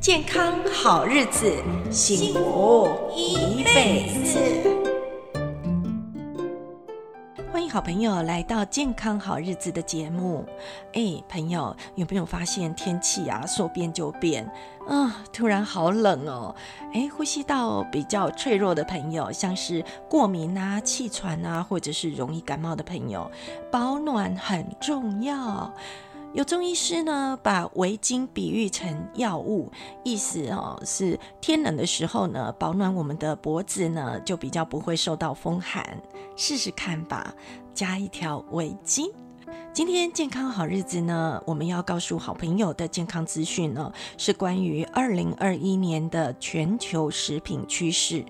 健康好日子，幸福一輩子。歡迎好朋友來到《健康好日子》的節目。哎，朋友，有沒有發現天氣啊，說變就變？啊，突然好冷哦。哎，呼吸道比較脆弱的朋友，像是過敏啊、氣喘啊，或者是容易感冒的朋友，保暖很重要。有中醫師呢，把圍巾比喻成藥物，意思哦，是天冷的時候呢，保暖我們的脖子呢，就比較不會受到風寒。試試看吧，加一條圍巾。今天健康好日子呢，我們要告訴好朋友的健康資訊呢，是關於二零二一年的全球食品趨勢。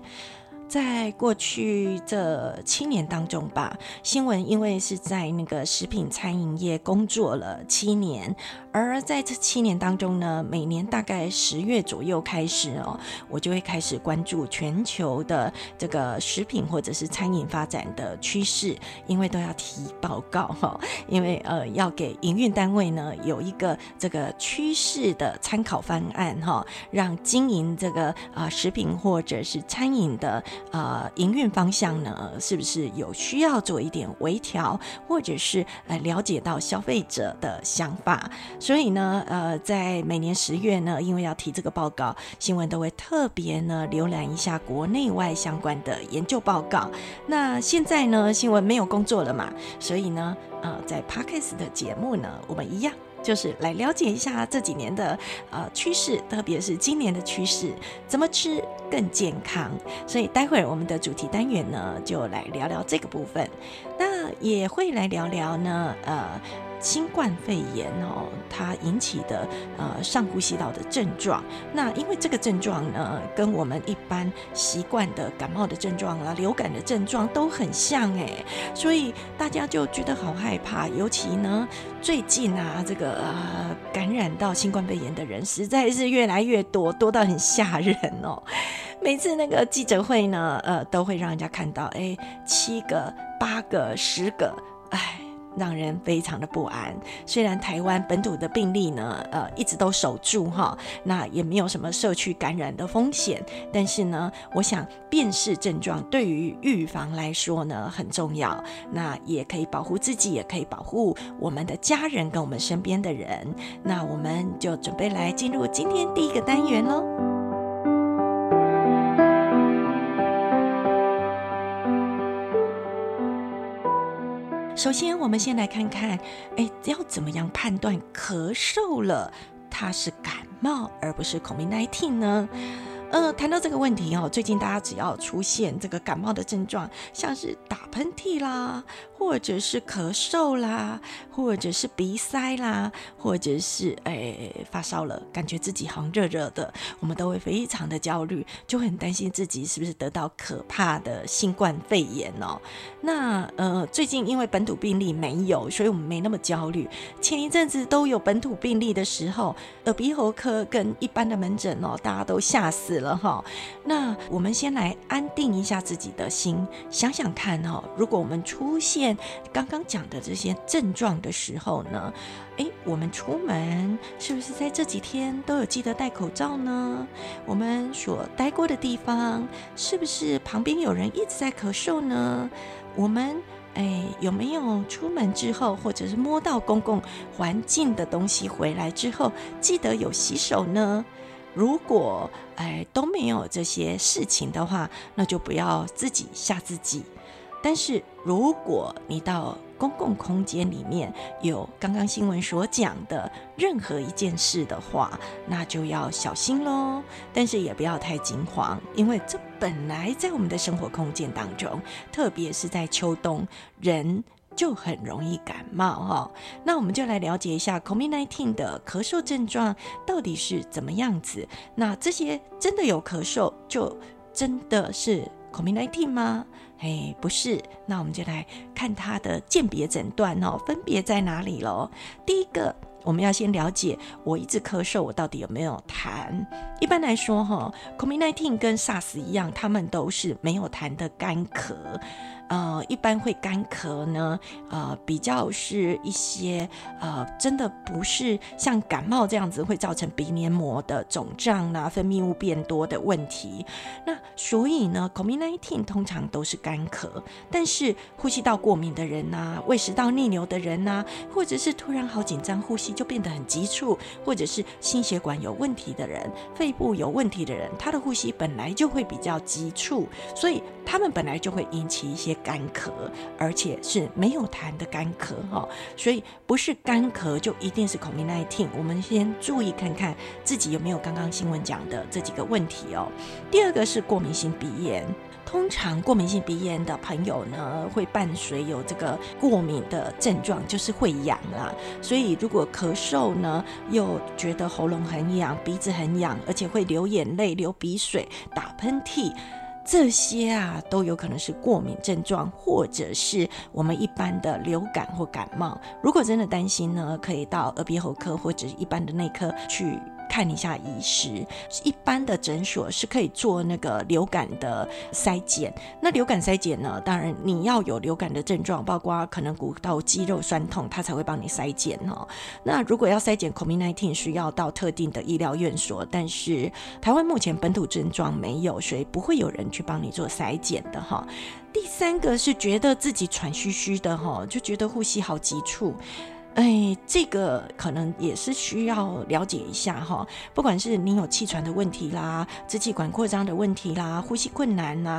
在過去這七年當中吧，馨文因為是在那個食品餐飲業工作了七年。而在這七年當中呢，每年大概十月左右開始哦，我就會開始關注全球的這個食品或者是餐飲發展的趨勢，因為都要提報告哈，因為呃要給營運單位呢有一個這個趨勢的參考方案哈，讓經營這個啊食品或者是餐飲的啊營運方向呢，是不是有需要做一點微調，或者是呃了解到消費者的想法。所以呢，呃，在每年十月呢，因為要提這個報告，馨文都會特別呢瀏覽一下國內外相關的研究報告。那現在呢，馨文沒有工作了嘛，所以呢，呃，在 Podcast 的節目呢，我們一樣就是來了解一下這幾年的呃趨勢，特別是今年的趨勢，怎麼吃更健康。所以待會兒我們的主題單元呢，就來聊聊這個部分，那也會來聊聊呢，呃。新冠肺炎哦，它引起的呃上呼吸道的症狀，那因為這個症狀呢，跟我們一般習慣的感冒的症狀啊、流感的症狀都很像哎，所以大家就覺得好害怕。尤其呢，最近啊，這個、呃、感染到新冠肺炎的人實在是越來越多，多到很嚇人哦。每次那個記者會呢，呃，都會讓人家看到哎，七個、八個、十個，哎。讓人非常的不安。雖然台灣本土的病例呢，呃，一直都守住哈，那也沒有什麼社區感染的風險，但是呢，我想辨識症狀對於預防來說呢，很重要，那也可以保護自己，也可以保護我們的家人跟我們身邊的人。那我們就準備來進入今天第一個單元嘍。首先，我們先來看看，欸，要怎麼樣判斷咳嗽了，它是感冒，而不是 COVID-19 呢？呃，談到這個問題哦，最近大家只要出現這個感冒的症狀，像是打噴嚏啦。或者是咳嗽啦，或者是鼻塞啦，或者是誒、哎、發燒了，感覺自己好像熱熱的，我們都會非常的焦慮，就很擔心自己是不是得到可怕的新冠肺炎哦。那呃最近因為本土病例沒有，所以我們沒那麼焦慮。前一陣子都有本土病例的時候，耳鼻喉科跟一般的門診哦，大家都嚇死了哈、哦。那我們先來安定一下自己的心，想想看哦，如果我們出現。剛剛講的這些症狀的時候呢，誒，我們出門是不是在這幾天都有記得戴口罩呢？我們所待過的地方是不是旁邊有人一直在咳嗽呢？我們誒，有沒有出門之後或者是摸到公共環境的東西回來之後記得有洗手呢？如果誒都沒有這些事情的話，那就不要自己嚇自己。但是如果你到公共空間裡面有剛剛新聞所講的任何一件事的話，那就要小心嘍。但是也不要太驚慌，因為這本來在我們的生活空間當中，特別是在秋冬，人就很容易感冒哈、哦。那我們就來了解一下 COVID-19 的咳嗽症狀到底是怎麼樣子。那這些真的有咳嗽，就真的是 COVID-19 嗎？哎，hey, 不是，那我們就來看它的鑑別診斷哦，分別在哪裡咯。第一個，我們要先了解，我一直咳嗽，我到底有沒有痰？一般來說、哦，哈，COVID-19 跟 SARS 一樣，他們都是沒有痰的乾咳。呃，一般會乾咳呢，呃，比較是一些，呃，真的不是像感冒這樣子會造成鼻黏膜的腫脹吶、啊、分泌物變多的問題。那所以呢 COVID-19 通常都是乾咳，但是呼吸道過敏的人吶、啊、胃食道逆流的人吶、啊，或者是突然好緊張，呼吸就變得很急促，或者是心血管有問題的人、肺部有問題的人，他的呼吸本來就會比較急促，所以他們本來就會引起一些。乾咳，而且是沒有痰的乾咳，哈，所以不是乾咳就一定是 COVID-19，我們先注意看看自己有沒有剛剛新聞講的這幾個問題哦。第二個是過敏性鼻炎，通常過敏性鼻炎的朋友呢，會伴隨有這個過敏的症狀，就是會癢啦、啊。所以如果咳嗽呢，又覺得喉嚨很癢、鼻子很癢，而且會流眼淚、流鼻水、打噴嚏。這些啊，都有可能是過敏症狀，或者是我們一般的流感或感冒。如果真的擔心呢，可以到耳鼻喉科或者一般的內科去。看一下醫師，一般的診所是可以做那個流感的篩檢。那流感篩檢呢？當然你要有流感的症狀，包括可能骨頭肌肉痠痛，他才會幫你篩檢哦。那如果要篩檢 COVID-19，需要到特定的醫療院所。但是台灣目前本土症狀沒有，所以不會有人去幫你做篩檢的哈、喔。第三個是覺得自己喘吁吁的哈、喔，就覺得呼吸好急促。哎，這個可能也是需要了解一下哈。不管是你有氣喘的問題啦，支氣管擴張的問題啦，呼吸困難吶，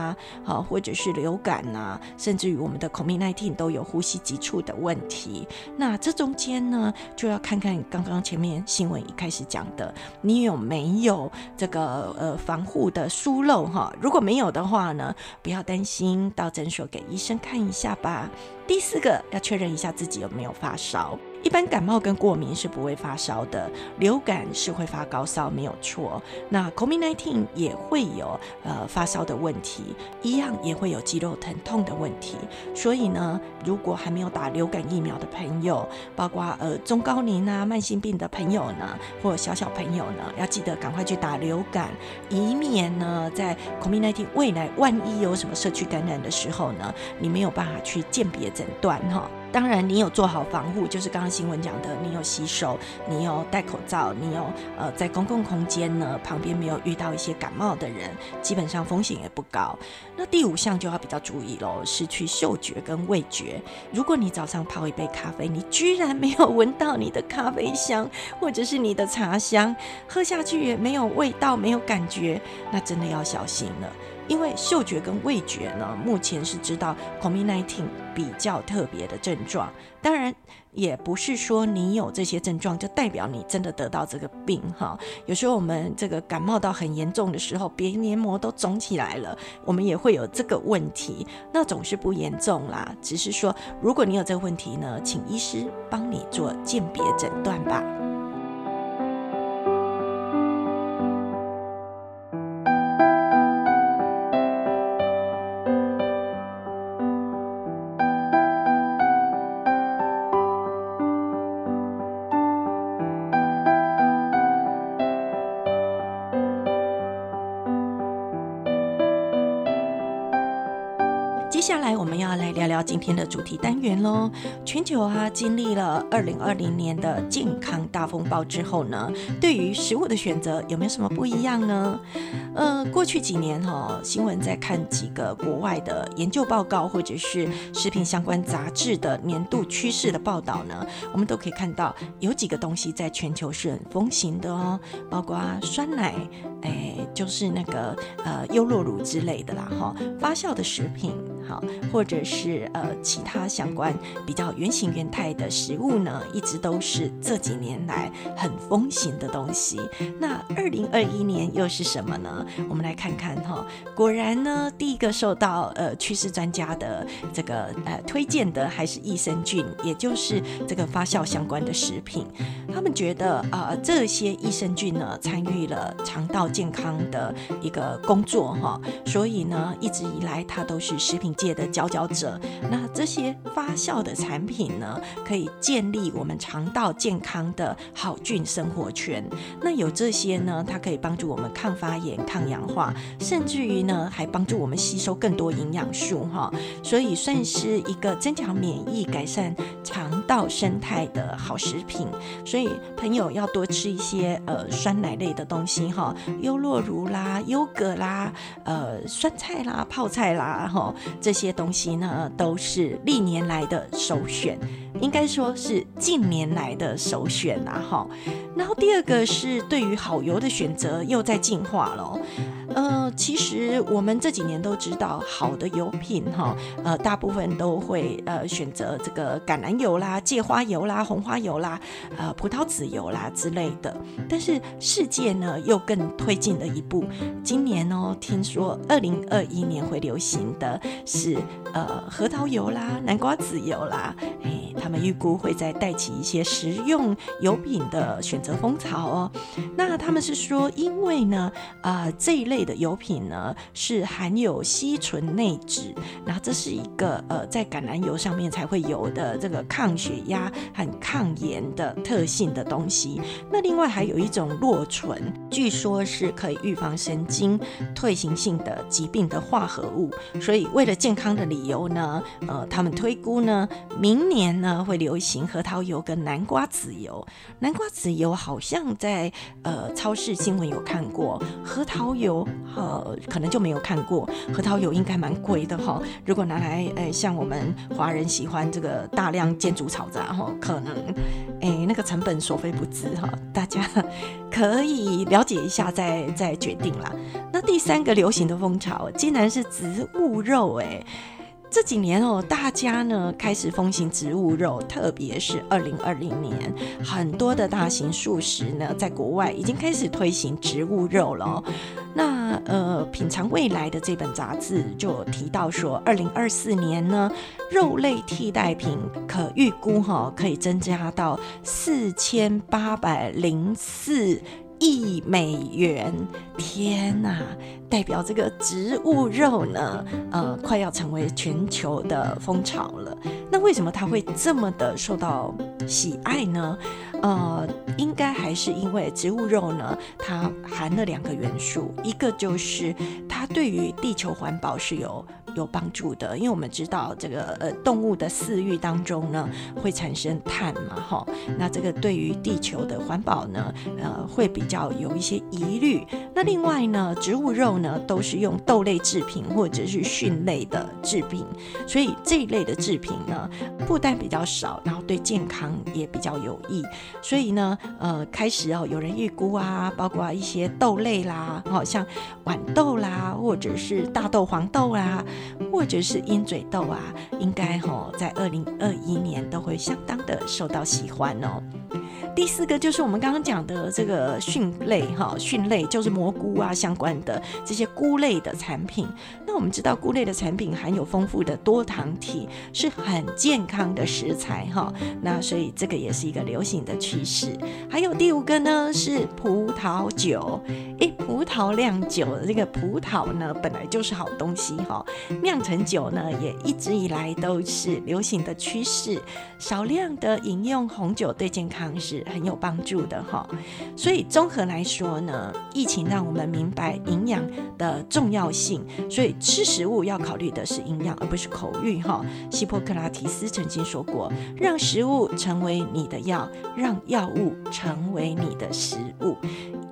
啊，或者是流感吶，甚至於我們的 COVID-19 都有呼吸急促的問題。那這中間呢，就要看看剛剛前面新聞一開始講的，你有沒有這個呃防護的疏漏哈。如果沒有的話呢，不要擔心，到診所給醫生看一下吧。第四個，要確認一下自己有沒有發燒。一般感冒跟過敏是不會發燒的，流感是會發高燒，沒有錯。那 COVID-19 也會有呃發燒的問題，一樣也會有肌肉疼痛的問題。所以呢，如果還沒有打流感疫苗的朋友，包括呃中高齡啊、慢性病的朋友呢，或小小朋友呢，要記得趕快去打流感，以免呢在 COVID-19 未來萬一有什麼社區感染的時候呢，你沒有辦法去鑑別診斷哈。當然，你有做好防護，就是剛剛新聞講的，你有洗手，你有戴口罩，你有呃在公共空間呢旁邊沒有遇到一些感冒的人，基本上風險也不高。那第五項就要比較注意嘍，失去嗅覺跟味覺。如果你早上泡一杯咖啡，你居然沒有聞到你的咖啡香，或者是你的茶香，喝下去也沒有味道、沒有感覺，那真的要小心了。因為嗅覺跟味覺呢，目前是知道 COVID-19 比較特別的症狀。當然，也不是說你有這些症狀就代表你真的得到這個病哈。有時候我們這個感冒到很嚴重的時候，鼻黏膜都腫起來了，我們也會有這個問題。那總是不嚴重啦，只是說如果你有這個問題呢，請醫師幫你做鑑別診斷吧。接下來我們要來聊聊今天的主題單元嘍。全球哈、啊，經歷了二零二零年的健康大風暴之後呢，對於食物的選擇有沒有什麼不一樣呢？呃，過去幾年哈，馨文在看幾個國外的研究報告，或者是食品相關雜誌的年度趨勢的報道呢，我們都可以看到有幾個東西在全球是很風行的哦，包括啊酸奶，誒、欸，就是那個呃優酪乳之類的啦，哈，發酵的食品。好，或者是呃其他相關比較原型原態的食物呢，一直都是這幾年來很風行的東西。那二零二一年又是什麼呢？我們來看看哈，果然呢，第一個受到呃趨勢專家的這個呃推薦的還是益生菌，也就是這個發酵相關的食品。他們覺得啊、呃，這些益生菌呢參與了腸道健康的一個工作哈，所以呢，一直以來它都是食品界的佼佼者，那這些發酵的產品呢，可以建立我們腸道健康的好菌生活圈。那有這些呢，它可以幫助我們抗發炎、抗氧化，甚至於呢，還幫助我們吸收更多營養素哈。所以算是一個增強免疫、改善腸。到生態的好食品，所以朋友要多吃一些呃酸奶類的東西哈，優酪乳啦、優格啦、呃酸菜啦、泡菜啦哈、哦，這些東西呢都是歷年來的首選，應該說是近年來的首選啦、啊、哈。哦然後第二個是對於好油的選擇又在進化了，呃，其實我們這幾年都知道好的油品哈，呃，大部分都會呃選擇這個橄欖油啦、芥花油啦、紅花油啦、呃、葡萄籽油啦之類的。但是世界呢又更推進了一步，今年哦，聽說二零二一年會流行的是呃核桃油啦、南瓜籽油啦。他們預估會再帶起一些食用油品的選擇風潮哦。那他們是說，因為呢，呃，這一類的油品呢是含有烯醇內酯，然後這是一個呃在橄欖油上面才會有的這個抗血壓、很抗炎的特性的東西。那另外還有一種落醇，據說是可以預防神經退行性的疾病的化合物。所以為了健康的理由呢，呃，他們推估呢，明年呢。呃，會流行核桃油跟南瓜籽油，南瓜籽油好像在呃超市新聞有看過，核桃油，呃、可能就沒有看過。核桃油應該蠻貴的哈，如果拿來誒像我們華人喜歡這個大量煎煮炒炸哈，可能誒、欸、那個成本所費不貲哈，大家可以了解一下再再決定啦。那第三個流行的風潮竟然是植物肉、欸這幾年哦，大家呢開始風行植物肉，特別是二零二零年，很多的大型素食呢在國外已經開始推行植物肉了哦。那呃，品嘗未來的這本雜誌就提到說，二零二四年呢，肉類替代品可預估哈哦，可以增加到四千八百零四。億美元，天哪！代表這個植物肉呢，呃，快要成為全球的風潮了。那為什麼它會這麼的受到喜愛呢？呃，應該還是因為植物肉呢，它含了兩個元素，一個就是它對於地球環保是有。有幫助的，因為我們知道這個呃動物的飼育當中呢，會產生碳嘛吼，那這個對於地球的環保呢，呃會比較有一些疑慮。那另外呢，植物肉呢都是用豆類製品或者是蕈類的製品，所以這一類的製品呢負擔比較少，然後對健康也比較有益。所以呢呃開始哦有人預估啊，包括一些豆類啦，好像豌豆啦，或者是大豆、黃豆啦。或者是鷹嘴豆啊，應該吼，在二零二一年都會相當的受到喜歡哦、喔。第四個就是我們剛剛講的這個蕈類哈，蕈類就是蘑菇啊，相關的這些菇類的產品。那我們知道菇類的產品含有豐富的多糖體，是很健康的食材哈。那所以這個也是一個流行的趨勢。還有第五個呢是葡萄酒，誒，葡萄釀酒的這個葡萄呢本來就是好東西哈，釀成酒呢也一直以來都是流行的趨勢。少量的飲用紅酒對健康是很有幫助的哈，所以綜合來說呢，疫情讓我們明白營養的重要性，所以吃食物要考慮的是營養而不是口欲哈。希波克拉提斯曾經說過：“讓食物成為你的藥，讓藥物成為你的食物。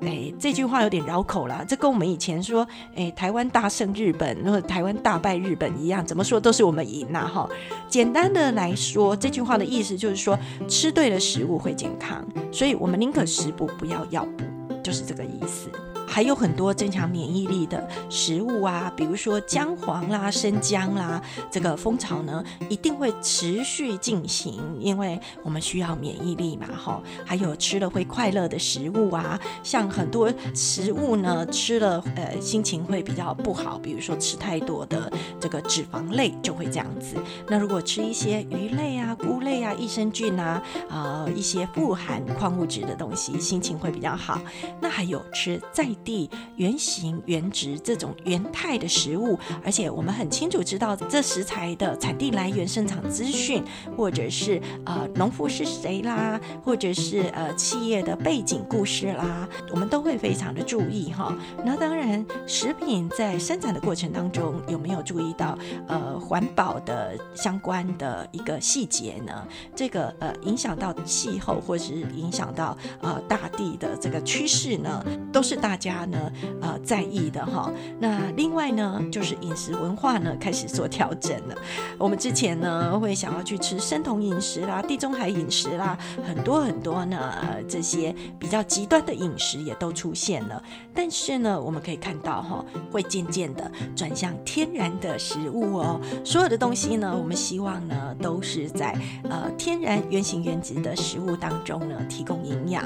哎”誒，這句話有點繞口了。這跟我們以前說“誒、哎，台灣大勝日本”或“台灣大敗日本”一樣，怎麼說都是我們贏啊哈。簡單的來說，這句話，的意思就是說，吃對了食物會健康，所以我們寧可食補，不要藥補，就是這個意思。還有很多增強免疫力的食物啊，比如說薑黃啦、生薑啦，這個蜂巢呢一定會持續進行，因為我們需要免疫力嘛，哈。還有吃了會快樂的食物啊，像很多食物呢吃了，呃，心情會比較不好，比如說吃太多的這個脂肪類就會這樣子。那如果吃一些魚類啊、菇類啊、益生菌啊，啊、呃，一些富含礦物質的東西，心情會比較好。那還有吃再。地原型原質這種原態的食物，而且我們很清楚知道這食材的產地來源、生產資訊，或者是呃農夫是誰啦，或者是呃企業的背景故事啦，我們都會非常的注意哈、哦。那當然，食品在生產的過程當中有沒有注意到呃環保的相關的一個細節呢？這個呃影響到氣候，或者是影響到呃大地的這個趨勢呢，都是大家。大家呢，呃，在意的哈、哦。那另外呢，就是飲食文化呢開始做調整了。我們之前呢會想要去吃生酮飲食啦、地中海飲食啦，很多很多呢、呃、這些比較極端的飲食也都出現了。但是呢，我們可以看到哈、哦，會漸漸的轉向天然的食物哦。所有的東西呢，我們希望呢都是在呃天然原型原質的食物當中呢提供營養。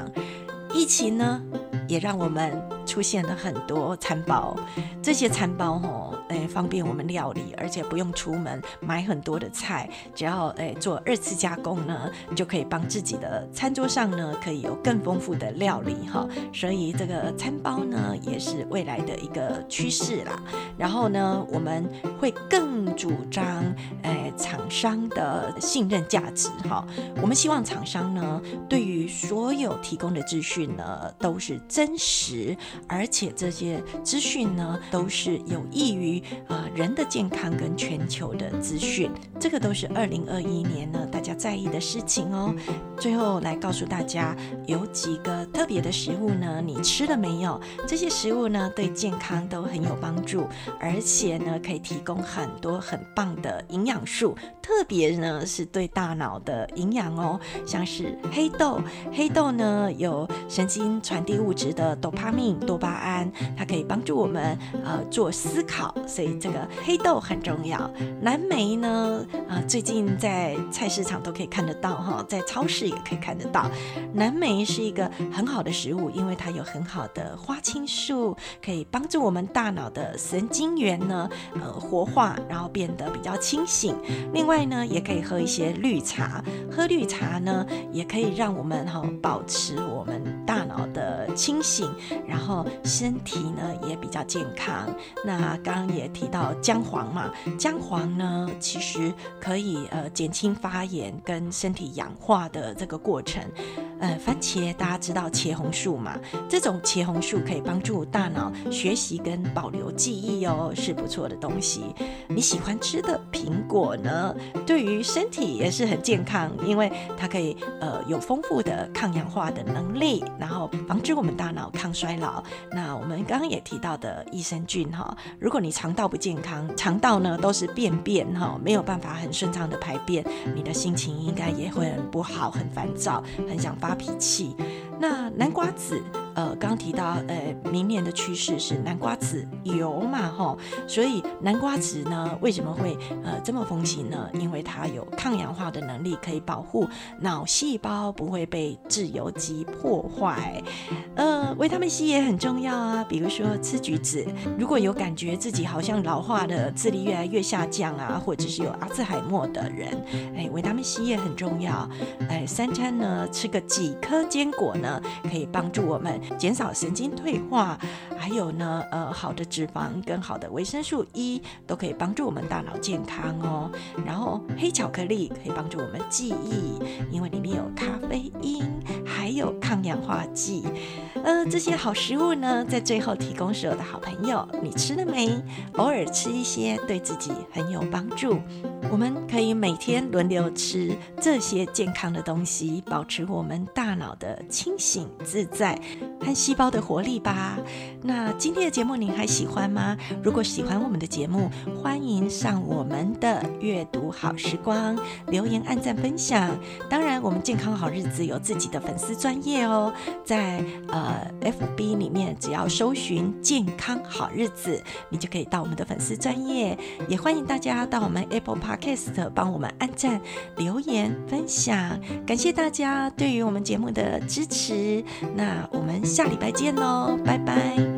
疫情呢，也讓我們出現了很多餐包，這些餐包吼、哦，誒、哎，方便我們料理，而且不用出門買很多的菜，只要誒、哎，做二次加工呢，就可以幫自己的餐桌上呢，可以有更豐富的料理哈、哦。所以這個餐包呢，也是未來的一個趨勢啦。然後呢，我們會更主張。廠商的信任價值哈，我們希望廠商呢，對於所有提供的資訊呢，都是真實，而且這些資訊呢，都是有益於啊、呃、人的健康跟全球的資訊。這個都是二零二一年呢，大家在意的事情哦。最後來告訴大家，有幾個特別的食物呢，你吃了沒有？這些食物呢，對健康都很有幫助，而且呢，可以提供很多很棒的營養素。特別呢是對大腦的營養哦，像是黑豆，黑豆呢有神經傳遞物質的 Dopamine, 多巴胺、多巴胺它可以幫助我們呃做思考，所以這個黑豆很重要。藍莓呢啊、呃，最近在菜市場都可以看得到哈，在超市也可以看得到，藍莓是一個很好的食物，因為它有很好的花青素，可以幫助我們大腦的神經元呢呃活化，然後變得比較清醒。另外。另外呢，也可以喝一些綠茶。喝綠茶呢，也可以讓我們哈保持我們大腦的清醒，然後身體呢也比較健康。那剛剛也提到薑黃嘛，薑黃呢其實可以呃減輕发炎跟身體氧化的這個過程。呃，番茄大家知道茄紅素嘛？這種茄紅素可以幫助大腦學習跟保留記憶哦，是不錯的東西。你喜歡吃的蘋果呢？對於身體也是很健康，因為它可以呃有豐富的抗氧化的能力，然後防止我們大腦抗衰老。那我們剛剛也提到的益生菌哈，如果你腸道不健康，腸道呢都是便便哈，沒有辦法很順暢的排便，你的心情應該也會很不好，很煩躁，很想發脾氣。那南瓜子。呃，剛剛提到呃，明年的趨勢是南瓜籽油嘛，吼，所以南瓜籽呢，為什麼會呃這麼風行呢？因為它有抗氧化的能力，可以保護腦細胞不會被自由基破壞。呃，維他命 C 也很重要啊，比如說吃橘子，如果有感覺自己好像老化的智力越來越下降啊，或者是有阿茲海默的人，哎、呃，維他命 C 也很重要。哎、呃，三餐呢吃個幾顆堅果呢，可以幫助我們。減少神經退化，還有呢，呃，好的脂肪跟好的維生素 E 都可以幫助我們大腦健康哦。然後黑巧克力可以幫助我們記憶，因為裡面有咖啡因，還有抗氧化劑。呃，這些好食物呢，在最後提供所有的好朋友，你吃了沒？偶爾吃一些對自己很有幫助。我們可以每天輪流吃這些健康的東西，保持我們大腦的清醒自在。和細胞的活力吧。那今天的節目您還喜歡嗎？如果喜歡我們的節目，歡迎上我們的閱讀好時光留言、按讚、分享。當然，我們健康好日子有自己的粉絲專頁哦，在呃 FB 裡面，只要搜尋健康好日子，你就可以到我們的粉絲專頁。也歡迎大家到我們 Apple Podcast 幫我們按讚、留言、分享。感謝大家對於我們節目的支持。那我們。下禮拜見嘍，拜拜。